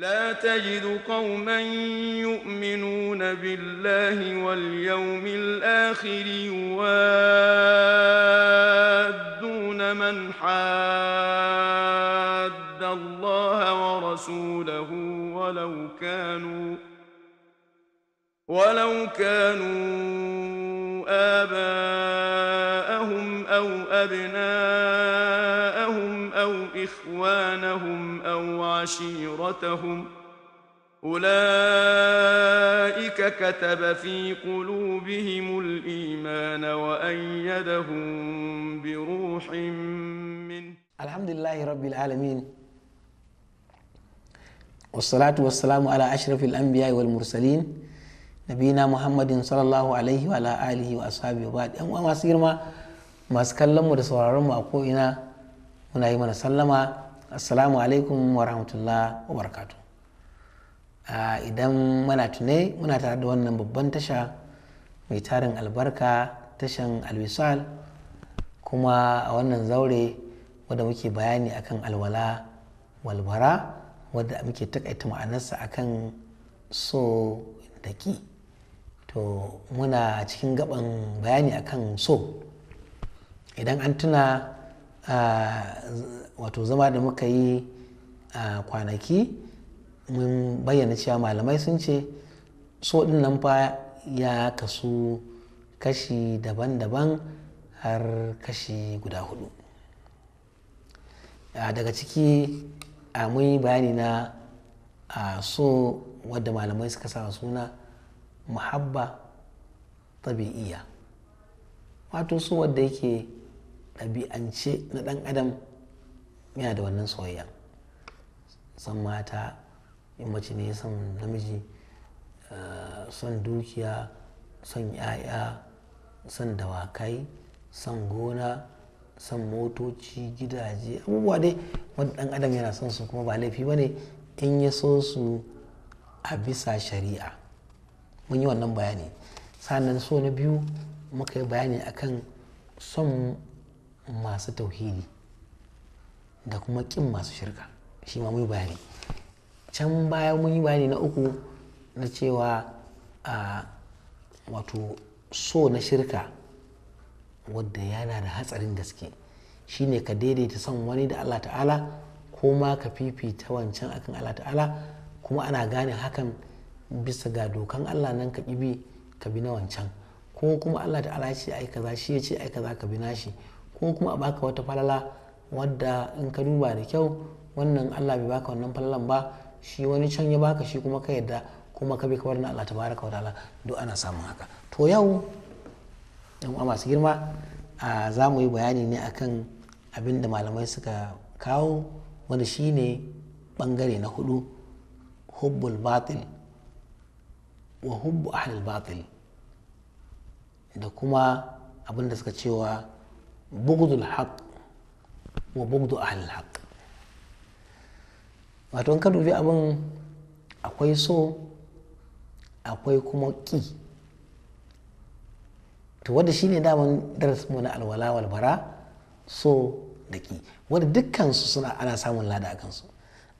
لا تجد قوما يؤمنون بالله واليوم الآخر يوادون من حاد الله ورسوله ولو كانوا ولو كانوا آباءهم أو أبناءهم إخوانهم أو عشيرتهم أولئك كتب في قلوبهم الإيمان وأيدهم بروح منه الحمد لله رب العالمين والصلاة والسلام على أشرف الأنبياء والمرسلين نبينا محمد صلى الله عليه وعلى آله وأصحابه وبعد أما سيرما ما سكلم ورسول الله أقول إنا muna yi mana sallama assalamu alaikum wa rahmatullah wa barakatu idan muna tune muna tare da wannan babban tasha mai tarin albarka tashan alwisal kuma a wannan zaure wadda muke bayani akan alwala walbara wadda muke takaita ma'anarsa akan so da ki to muna cikin gaban bayani akan so idan an tuna wato zama da muka yi a kwanaki mun bayyana cewa malamai sun ce so din nan fa ya kasu kashi daban-daban har kashi guda hudu daga ciki a mun bayani na a so wadda malamai suka sa suna muhabba tabi'iya wato so wadda yake ɗabi'ance na ɗan adam yana da wannan soyayya san mata in mace ne son namiji eh, son dukiya son 'ya'ya son dawakai son gona son motoci gidaje abubuwa dai wanda ɗan adam yana son su kuma ba laifi ba ne in ya so su a bisa shari'a mun yi wannan bayani sannan so na biyu muka yi bayani akan son masu tauhidi da kuma kin masu shirka shi ma mun bayani can baya mun yi bayani na uku na cewa a wato so na shirka wadda yana da hatsarin gaske shine ka daidaita son wani da Allah ta'ala ko ma ka fifita wancan akan Allah ta'ala kuma ana gane hakan bisa ga dokan Allah nan ka bi ka bi na wancan ko kuma Allah ta'ala ya ce ai kaza shi ya ce ai kaza ka bi nashi ko kuma a baka wata falala wadda in ka duba da kyau wannan Allah bai baka wannan falalan ba shi wani can ya baka shi kuma ka yadda kuma ka bi kawar na Allah tabaraka wa ta'ala duk ana samun haka to yau yan uwa masu girma za mu yi bayani ne akan abin da malamai suka kawo wanda shine bangare na hudu hubbul batil wa hubbu ahlul batil da kuma abin da suka cewa bugudul haq wa bugdu ahlul haq wato ka dubi abin akwai so akwai kuma ƙi to wanda shine daman mu na alwala wal bara so da ƙi wanda dukkansu suna ana samun lada a kansu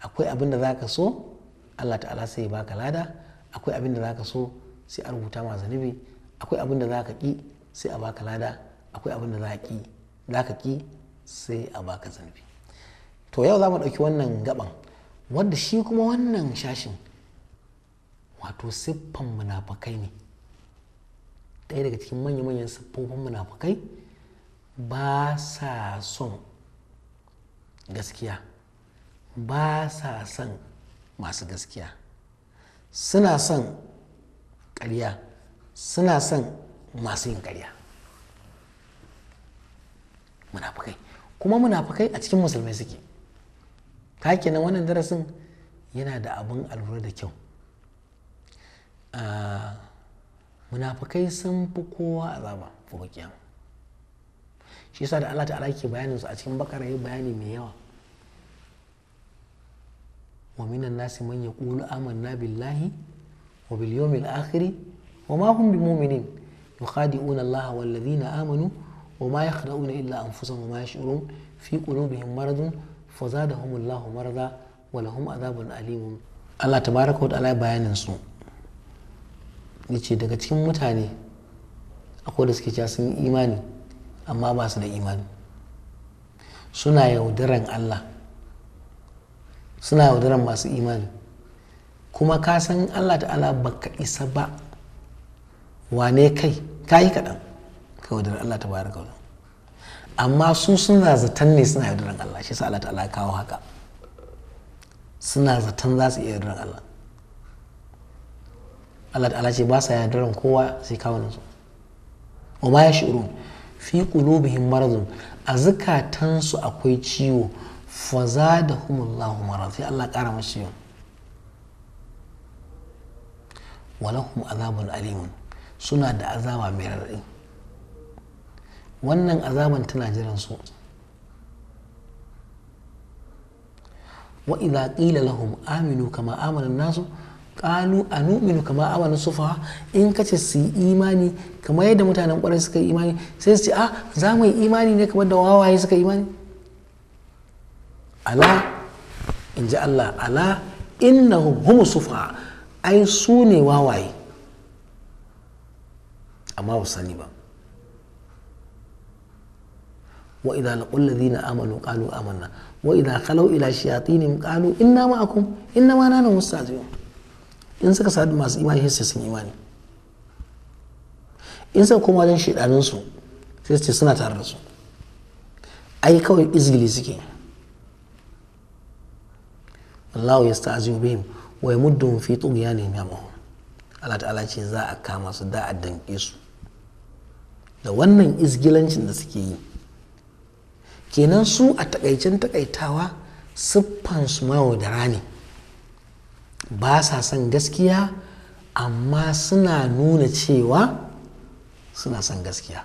akwai abin da zaka so Allah ta'ala sai baka lada akwai abin da zaka so sai a rubuta ma zanubi akwai abin da zaka ƙi sai a baka lada akwai abin da za ƙi zaka ki sai a baka zarfi to yau za mu ɗauki wannan gaban wanda shi kuma wannan shashin wato siffan munafakai ne ɗaya daga cikin manya-manyan siffofin munafakai ba sa son gaskiya ba sa son masu gaskiya suna son ƙarya suna son masu yin ƙarya munafukai kuma munafukai a cikin musulmai suke ka na wannan darasin yana da abin alura da kyau ah, munafukai sun fi kowa azaba zaba kiyama shi yasa da Allah ta'ala ke bayanin su a cikin bakara yi bayani mai yawa wa minan nasi man yaqulu amanna billahi wa bil yawmil akhir wa ma hum bimu'minin yukhadi'una Allah wal ladina amanu wa ma yakhda'una illa anfusahum wa ma yash'urun fi qulubihim maradun fazadahum Allahu maraza wa lahum adhabun alim Allah tabaraka wa ta'ala bayanin su yace daga cikin mutane akwai da suke cewa imani amma ba su da imani suna yaudaran Allah suna yaudaran masu imani kuma ka san Allah ta'ala baka isa ba wane kai ka yi kaɗan ka yaudar Allah ta bayar ga amma su suna zaton ne suna yaudaran Allah shi sa Allah ta'ala kawo haka suna zaton za su iya yaudaran Allah Allah ta'ala ce ba sa yaudaran kowa sai kawunan su wa ma ya shi'urun fi qulubihim maradun a su akwai ciwo fa zadahumullahu marad sai Allah ƙara masu wa walahum azabun alimun suna da azaba mai raɗaɗi wannan azaban tana jiran su wa idza lahum aminu kama amanin nasu a numinu kama amanin sufa in kace su yi imani kama yadda mutanen kwarai suka yi imani sai su ce ah za mu yi imani ne kamar da wawaye suka yi imani ala in ji Allah ala innahum hum sufa ai su ne wawaye amma ba sani ba wa idza laqul ladina amanu qalu amanna wa idza khalaw ila shayatinihim qalu inna ma'akum inna ma nahnu mustahzi'un in suka sadu masu imani sai sun imani in suka koma wajen shedanin su sai su ce suna tare da su ai kawai izgili suke Allah ya sta'azu bihim wa yamudduhum fi tughyanihim yamahun Allah ta'ala ce za a kama su da a danke su da wannan izgilancin da suke yi kenan su a takaicin takaitawa siffan su da ne ba sa son gaskiya amma suna nuna cewa suna son gaskiya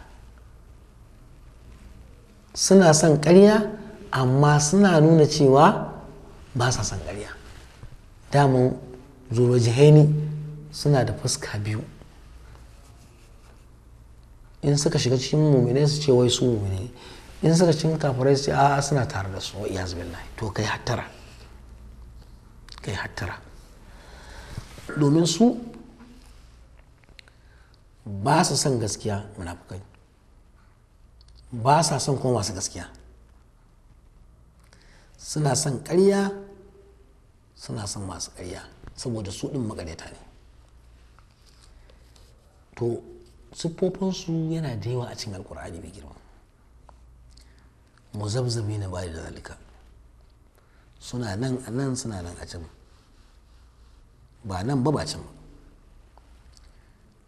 suna son ƙarya amma suna nuna cewa ba sa son ƙarya daman zuwa jihaini suna da fuska biyu in suka shiga cikin mummune su ce wai su mummune in suka cin kafirai sai a suna tare da su iya billahi to kai hattara kai hattara domin su ba su son gaskiya munafukai ba sa son kuma masu gaskiya suna son karya suna son masu karya saboda su ɗin makareta ne to siffofinsu yana da yawa a cikin alkur'ani mai girma muzabzabi na bayi da zalika suna nan a nan suna nan a can ba nan ba ba can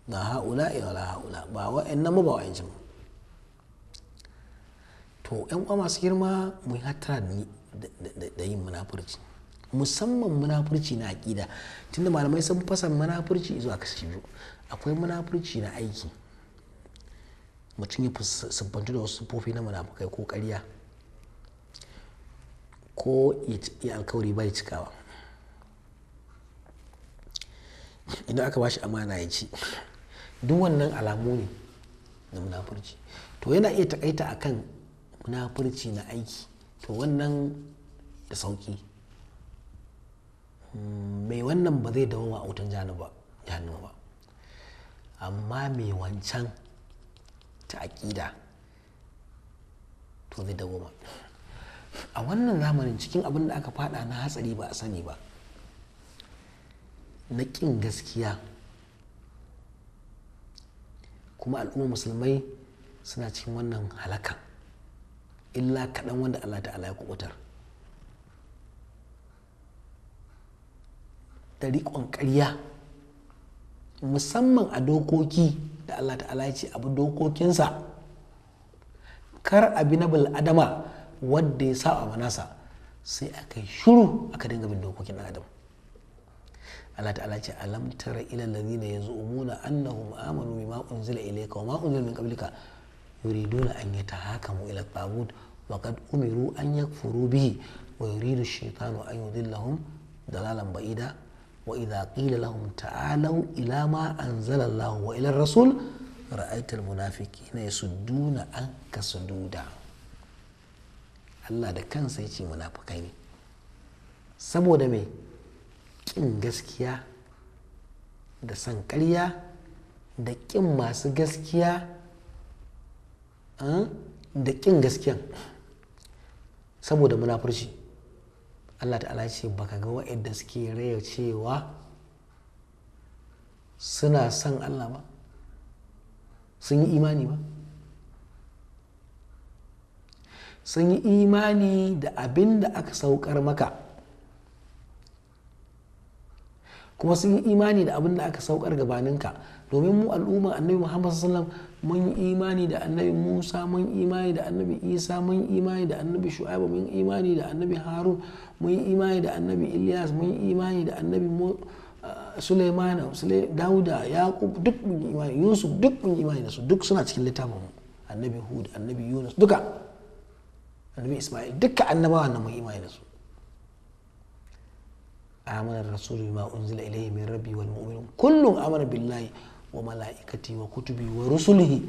ba ha'ula wala ha'ula ba wa'yan nan ba ba in can to yan uwa masu girma mu yi hattara da yin munafurci musamman munafurci na aƙida tunda malamai sun fasa munafurci zuwa kashi biyu akwai munafurci na aiki mutum ya sabbantu da wasu sufofi na munafukai ko ƙarya ko ya alkawari bai cikawa idan aka ba shi amana ya ci duk wannan alamu ne na munafurci to yana iya takaita a kan munafurci na aiki to wannan da sauki mai wannan ba zai dawo a wutan ba ba amma mai wancan ta aƙida to zai dawo ba. a wannan zamanin cikin abin da aka fada na hatsari ba a sani ba na ƙin gaskiya kuma al'ummar musulmai suna cikin wannan halaka illa kaɗan wanda allah ta'ala ya kubutar da riƙon ƙarya musamman a dokoki da allah ta'ala ya ce abu dokokinsa kar abi na bil'adama adama wadda ya sa a nasa sai aka yi shuru aka dinga bin dokokin ɗan adam Allah ta'ala ce alam tara ila allazina yaz'umuna annahum amanu bima unzila ilayka wa ma unzila min qablika yuriduna an yatahakamu ila at-taghut wa qad umiru an yakfuru bihi wa yuridu ash-shaytanu an yudillahum dalalan ba'ida wa idha qila lahum ta'alu ila ma anzala Allah wa ila ar-rasul ra'aita al-munafiqina yasudduna anka sududa Allah da kansa ya ce munafukai ne saboda mai ƙin gaskiya da san ƙarya da ƙin masu gaskiya eh, da ƙin gaskiyan saboda munafurci Allah ta'ala ce baka ga wa'yanda suke raya cewa suna son Allah ba sun yi imani ba sun yi imani da abin da aka saukar maka kuma sun yi imani da abin da aka saukar gabaninka domin mu al'umma annabi muhammad sallam mun yi imani da annabi musa mun yi imani da annabi isa mun yi imani da annabi shu'aibu mun yi imani da annabi harun mun yi imani da annabi ilyas mun yi imani da annabi uh, suleiman dauda yaqub duk mun yi imani yusuf duk mun yi imani da su duk suna cikin littafin annabi hud annabi yunus duka annabi isma'il dukkan annabawa na muhimma imani da su amana rasulu bima unzila ilayhi min rabbi wal mu'minun kullun amana billahi wa malaikati wa kutubi wa rusulihi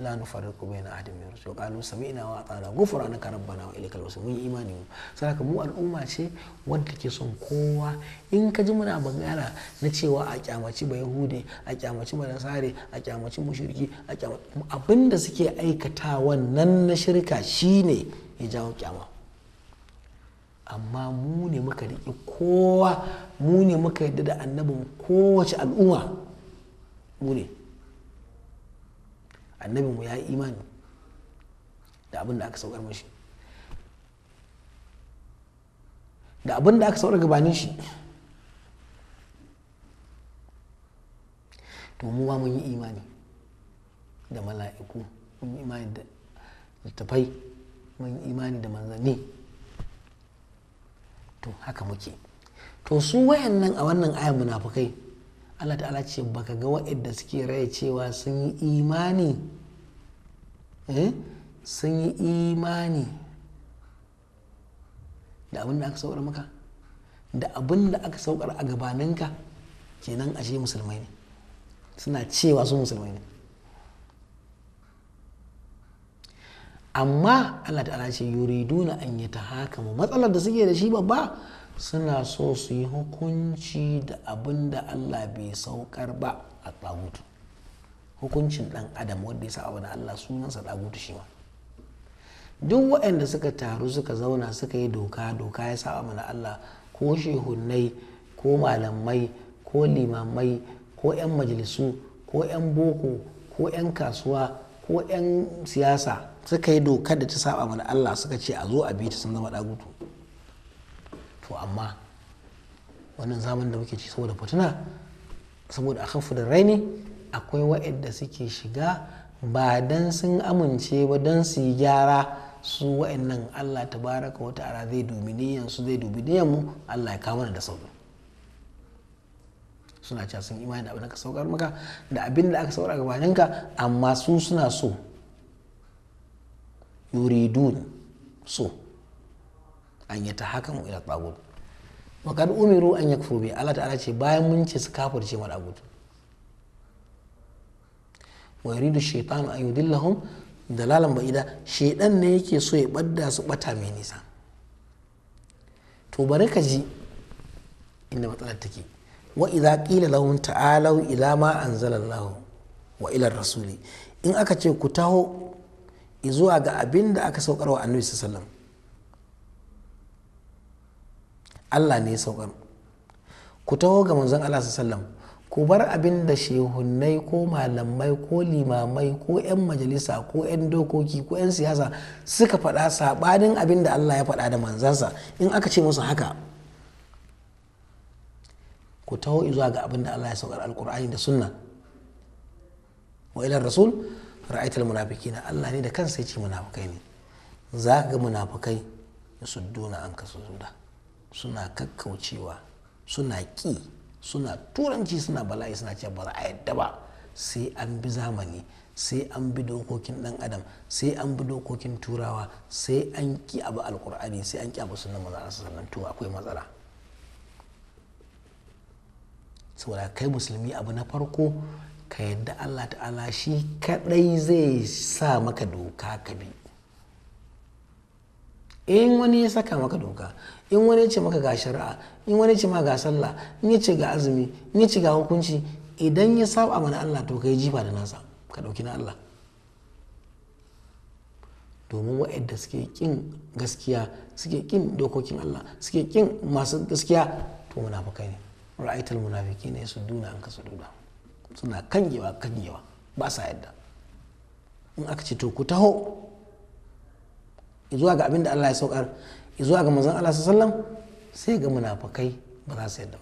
la nufarriqu baina ahadin min rusuli qalu sami'na wa ata'na ghufranaka rabbana wa ilaykal masir mun imani mu saka mu al'umma ce wanda take son kowa in ka ji muna magana na cewa a kyamaci ba yahudi a kyamaci ba nasare a kyamaci mushriki a kyamaci abinda suke aikata wannan na shirka shine ya jawo kyama amma mu ne muka riƙe kowa mu ne muka yadda da annabin kowace al'umma mu ne annabinmu ya yi imani da abin da aka saukar mashi da abin da aka saukar gabanin shi to mu ma mun yi imani da mala'iku mun yi imani da tafai mun imani da manzanni to haka muke to su wayan nan a wannan ayan munafukai Allah ta'ala ce baka ga waɗanda suke raya cewa sun yi imani eh, sun yi imani da abin da aka saukar maka da abin aka saukar a gabaninka kenan ashe musulmai ne suna cewa su musulmai ne amma Allah ta'ala ce yuriduna an yi ta mu matsalar da suke da shi babba suna so su yi hukunci da abin da Allah bai saukar ba a tsagutu hukuncin dan adam wanda ya sa abu Allah sunansa tsagutu shi ma duk waɗanda suka taru suka zauna suka yi doka doka ya sa wani Allah ko shehunnai ko malamai ko limamai ko 'yan majalisu ko 'yan boko ko 'yan kasuwa ko 'yan siyasa suka yi dokar da ta saba mana Allah suka ce a zo a bi ta sun zama dagutu to amma wannan zaman da muke ci saboda fitina saboda akhafu da raini akwai wa'anda suke shiga ba dan sun amince ba dan su yi gyara su wa'annan Allah tabaraka wa ta'ala zai dubi niyan zai dubi niyan mu Allah ya kawo mana da sauki suna cewa sun imani da abin da ka saukar maka da abin da aka saukar gabaninka amma su suna so yuridun so an yi ta hakan ila tagut wa umiru an yakfuru bi Allah ta'ala ce bayan mun ce su kafirce wa tagut wa yuridu da an yudillahum dalalan ba'ida shaydan ne yake so ya ɓadda su bata mai nisa to bari ka ji inda matsalar take wa idza qila lahum ta'alu ila ma anzala Allah wa ila rasuli in aka ce ku taho zuwa ga abin da aka saukar wa annabi sallam Allah ne ya saukar ku taho ga manzon Allah sallam ku bar abin da shehunnai ko malamai ko limamai ko 'yan majalisa ko 'yan dokoki ko 'yan siyasa suka faɗa saɓanin abin da Allah ya faɗa da manzansa in aka ce musu haka ku taho zuwa ga abin da Allah ya saukar alkur'ani da sunna wa ilar rasul munafiki na Allah ne da kansa yace munafukai ne za ka ga su duna an kasuda suna kakkaucewa suna ki suna turanci suna bala'i suna ce ba za a yadda ba sai an bi zamani sai an bi dokokin dan adam sai an bi dokokin turawa sai an ki abu alkur'ani sai an ki abu sunan a sallallahu alaihi akwai matsala saboda kai musulmi abu na farko ka yadda Allah ta'ala shi kadai zai sa maka doka ka bi in wani ya saka maka doka in wani ya ce maka ga shari'a in wani ya ce maka ga sallah in ya ce ga azumi in ya ce ga hukunci idan ya saba mana Allah to kai jifa da nasa ka dauki na Allah domin waɗanda suke kin gaskiya suke kin dokokin Allah suke kin masu gaskiya to munafukai ne ra'aitul munafiki ne su duna an kasu duna suna kan yawa ba sa yadda in aka ce to ku taho zuwa ga abin da Allah ya saukar zuwa ga manzon Allah sallam sai ga munafakai ba za su yadda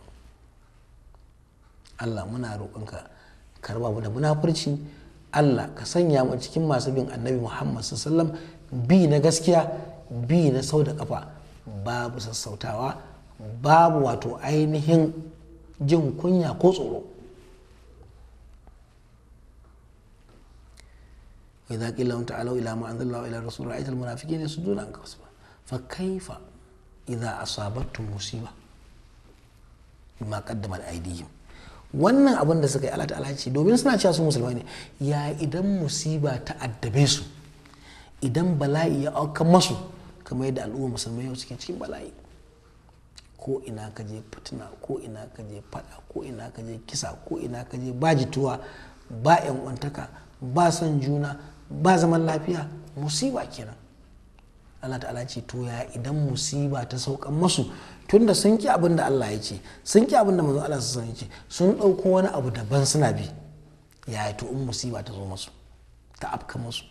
Allah muna roƙonka ka raba mu da munafurci Allah ka sanya mu cikin masu bin annabi Muhammad sallam bi na gaskiya bi na sau da kafa babu sassautawa babu wato ainihin jin kunya ko tsoro wa idza qila lahum ta'alu ila ma anzala Allahu ila rasul ra'aita al yasudduna anka wasba fa kaifa idza asabatkum musiba ma qaddamat aydihim wannan abin da suka yi Allah ta'ala ce domin suna cewa su musulmai ne ya idan musiba ta addabe su idan bala'i ya auka masu kamar yadda al'umma musulmai yau suke cikin bala'i ko ina ka je fitina ko ina ka je fada ko ina ka je kisa ko ina ka je ba jituwa ba yan wantaka ba son juna ba zaman lafiya musiba kenan Allah ta'ala ce to ya idan musiba ta saukan masu tunda sun ki abin da Allah ya ce sun ki abin da manzon Allah sun ce sun ɗauko wani abu daban suna bi ya to in musiba ta zo masu ta afka masu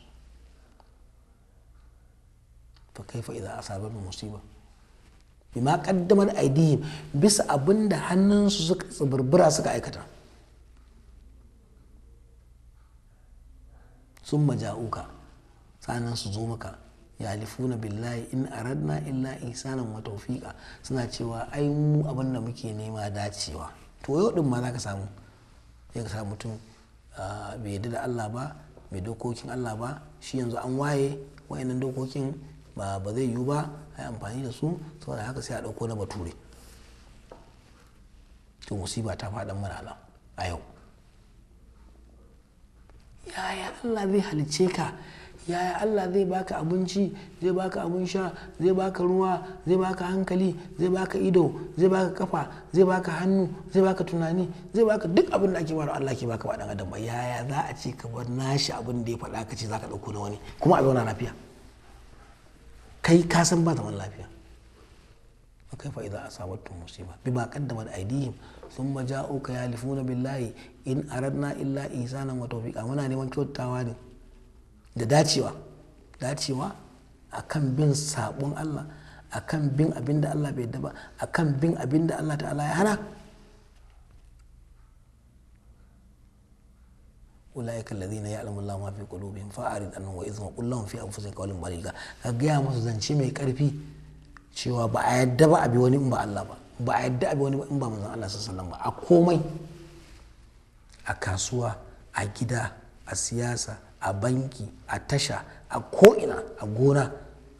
fa kaifa idza asabat musiba bima qaddamat aidihim bisa abin da hannunsu suka tsibirbira suka aikata sun maja'uka sanan su zo maka na billahi in a aradna illa ihsanan wa tawfiqa suna cewa ai mu abin da muke nema dacewa to yau din ma zaka samu ya ka samu mutum bai yadda da Allah ba bai dokokin Allah ba shi yanzu an waye wayannan dokokin ba ba zai yiwu ba a yi amfani da su saboda haka sai a ɗauko na bature to musiba ta faɗan mana a yau yaya Allah zai halice ka yaya Allah zai baka abinci zai baka abin sha zai baka ruwa zai baka hankali zai baka ido zai baka kafa zai baka hannu zai baka tunani zai baka duk abin da ake bayar Allah ke baka ba adam ba yaya za a ce ka bar nashi abin da ya faɗa ka ce za ka ɗauko na wani kuma a zauna lafiya kai ka san ba zaman lafiya fa kaifa idza asabatuhum musiba bima qaddamat aydihim thumma ja'uka yalifuna billahi in a aradna illa ihsanan wa tawfiqa muna neman kyautawa ne da dacewa dacewa kan bin sabon Allah a kan bin abin da Allah bai daba a kan bin abin da Allah ta'ala ya hana na أولئك الذين يعلم الله ما في قلوبهم فأعرض عنهم kullum قل لهم في kawalin قولا ka gaya مسو zance mai كارفي cewa ba a yadda ba a bi wani in ba Allah ba ba a yadda a bi wani in ba manzon Allah sallallahu ba a komai a kasuwa a gida a siyasa a banki a tasha a ko'ina a gona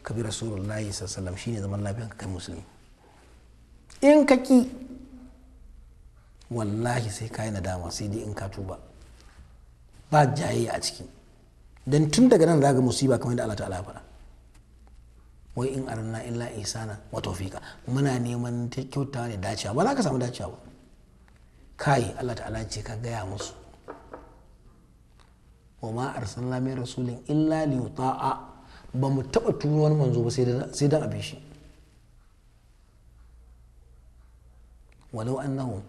ka bi rasulullahi sallallahu shine zaman lafiya ka kai musulmi in ka ki wallahi sai ka yi nadama sai dai in ka tuba ba jayayya a ciki don tun daga nan da ga musiba kamar yadda Allah ta'ala faɗa wai in arna illa isana wa tawfiqa muna neman kyautawa kyauta ne dacewa ba za ka samu dacewa ba kai Allah ta'ala ce ka gaya musu wa ma arsalna min rasulin illa li yuta'a ba mu taba turo wani manzo ba sai dan abin shi walau annahum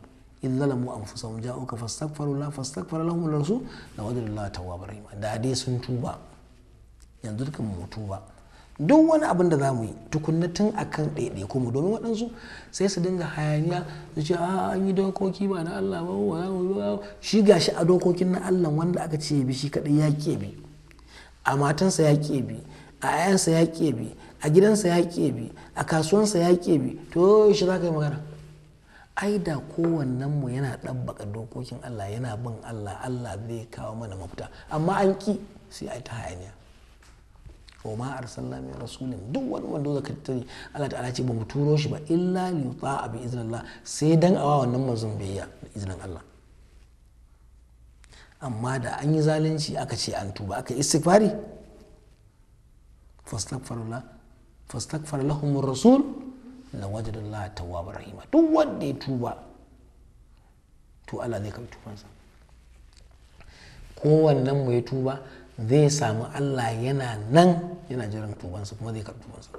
in zalamu anfusahum ja'uka fastaghfiru la fastaghfara lahum rasul la wajadu Allah rahim da dai sun tuba yanzu dukan mu tuba duk wani abin da za mu yi tukunna tun a kan ɗaiɗaiku mu domin waɗansu sai su dinga hayaniya su ce a an yi dokoki ba na Allah ba wa za mu ba shi gashi a dokokin na Allah wanda aka ce bi shi kaɗai ya ke bi a matansa ya ke bi a 'ya'yansa ya ke bi a gidansa ya ke bi a kasuwansa ya ke bi to shi za ka yi magana ai da kowannen mu yana ɗabbaka dokokin Allah yana bin Allah Allah zai kawo mana mafita amma an ki sai a ta hayaniya wa ma arsalna min rasulin duk wani wanda zaka tani Allah ta'ala ce ba mu turo shi ba illa li yuta'a bi iznillah sai dan awa wannan manzon biyayya da izinin Allah amma da an yi zalunci aka ce an tuba aka yi istighfari fastaghfirullah fastaghfar lahum rasul lawajadallah tawwabar rahima duk wanda ya tuba to Allah zai karbi tubansa kowannen mu ya tuba zai samu Allah yana nan yana jiran tubansa kuma zai karɓi tubansa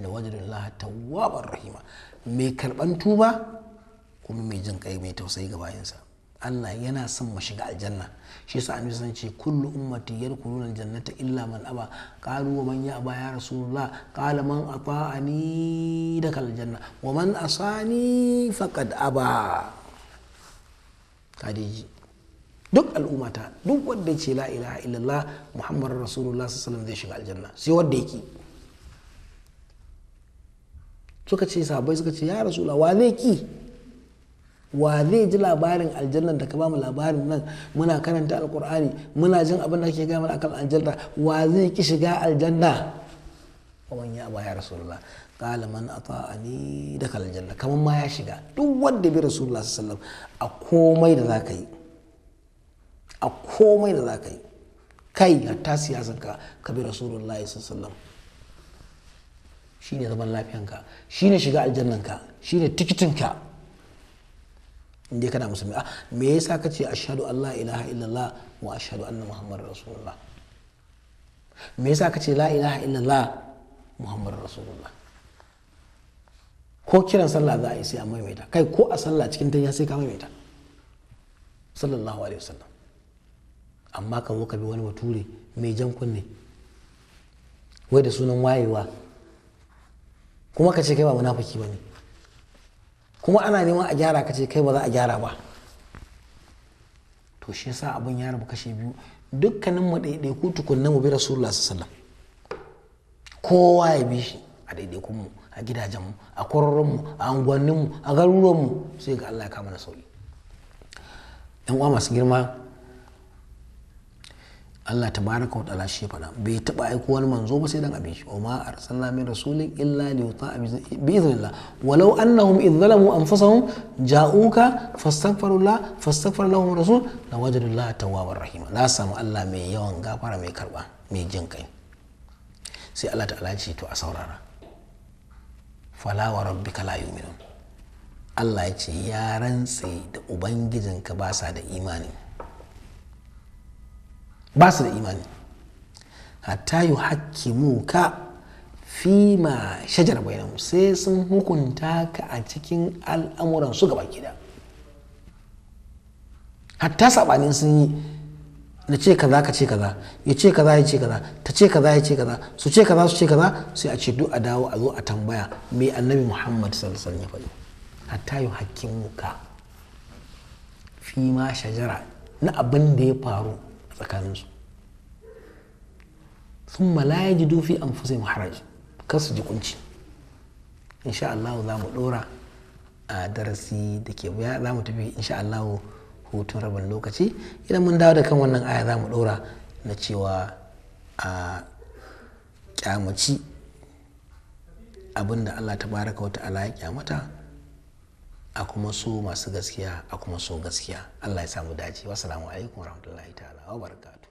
da wajen Allah tawwabar rahima mai karɓan tuba kuma mai jin kai mai tausayi ga bayansa Allah yana son mu shiga aljanna shi yasa annabi san ce kullu ummati yadkhuluna aljannata illa man aba qalu wa man ya'ba ya rasulullah qala man ata'ani dakal janna wa man asani faqad aba kadiji duk al'ummata duk wanda ce la ilaha illallah muhammad rasulullah sallallahu zai shiga aljanna sai wanda yake suka ce sahabbai suka ce ya rasulullah wa zai ki wa zai ji labarin aljanna da ka bamu labarin nan muna karanta alkur'ani muna jin abin da kake gaya mana akan aljanna wa zai ki shiga aljanna wa ya ba ya rasulullah qala man ata'ani dakal aljanna kaman ma ya shiga duk wanda bi rasulullah sallallahu alaihi wasallam a komai da zaka yi a komai da za ka yi kai ta siyasanka ka bi rasulullahi sallallahu shi ne zaman lafiyanka shi ne shiga aljannanka shi ne tikitinka inda kana musulmi a ah, me yasa ka ce ashhadu allah ilaha illallah wa a ashhadu annan muhammad rasulullah me yasa ka ce la ilaha illallah muhammad rasulullah ko kiran sallah za a yi sai a maimaita kai ko a sallah cikin tanya sai ka maimaita sallallahu alaihi wasallam amma ka zo ka bi wani bature mai jan kunne wai da sunan wayewa kuma ka ce kai ba munafiki ba ne kuma ana neman a gyara ka ce kai ba za a gyara ba to shi yasa abin ya rabu kashe biyu dukkanin mu ɗaiɗaiku tukunna mu bi rasulullah sallallahu kowa ya bi shi a gidajen mu a mu a mu a mu a mu sai ga allah ya kama na sauri. yan uwa masu girma Allah ta baraka wa ta'ala shi faɗa bai taɓa aiko wani manzo ba sai dan abin shi amma arsalna min rasulin illa li yuta'a bi idhnillah walau annahum idh zalamu anfusahum ja'uka fastaghfiru la fastaghfir lahum rasul la wajadu Allah tawwabar rahima na samu Allah mai yawan gafara mai karba mai jin kai sai Allah ta'ala ce to a saurara fala wa rabbika la yu'minun Allah ya ce ya rantse da ubangijinka ba sa da imani ba su da imani hatta yu ka fi ma shajar bainahu sai sun hukunta ka a cikin al'amuran su gaba gida hatta saɓanin sun yi na ce kaza ka ce kaza ya ce kaza ya ce kaza ta ce kaza ya ce kaza su ce kaza su ce kaza sai a ce duk a dawo a zo a tambaya me annabi muhammad sallallahu ya faɗi hatta haƙƙin hakkimuka fi ma shajara na abin da ya faru tsakaninsu sun malaya ji dufi an fusai maharaj kar su ji kunci insha Allah za mu ɗora a darasi da ke baya za mu tafi insha Allah hutun rabin lokaci idan mun dawo da kan wannan aya za mu ɗora na cewa a kyamaci abinda Allah ta baraka wata ala ya kyamata a kuma so masu gaskiya a kuma so gaskiya Allah ya samu dace wasu alaikum rahmatullahi ta'ala वबरकू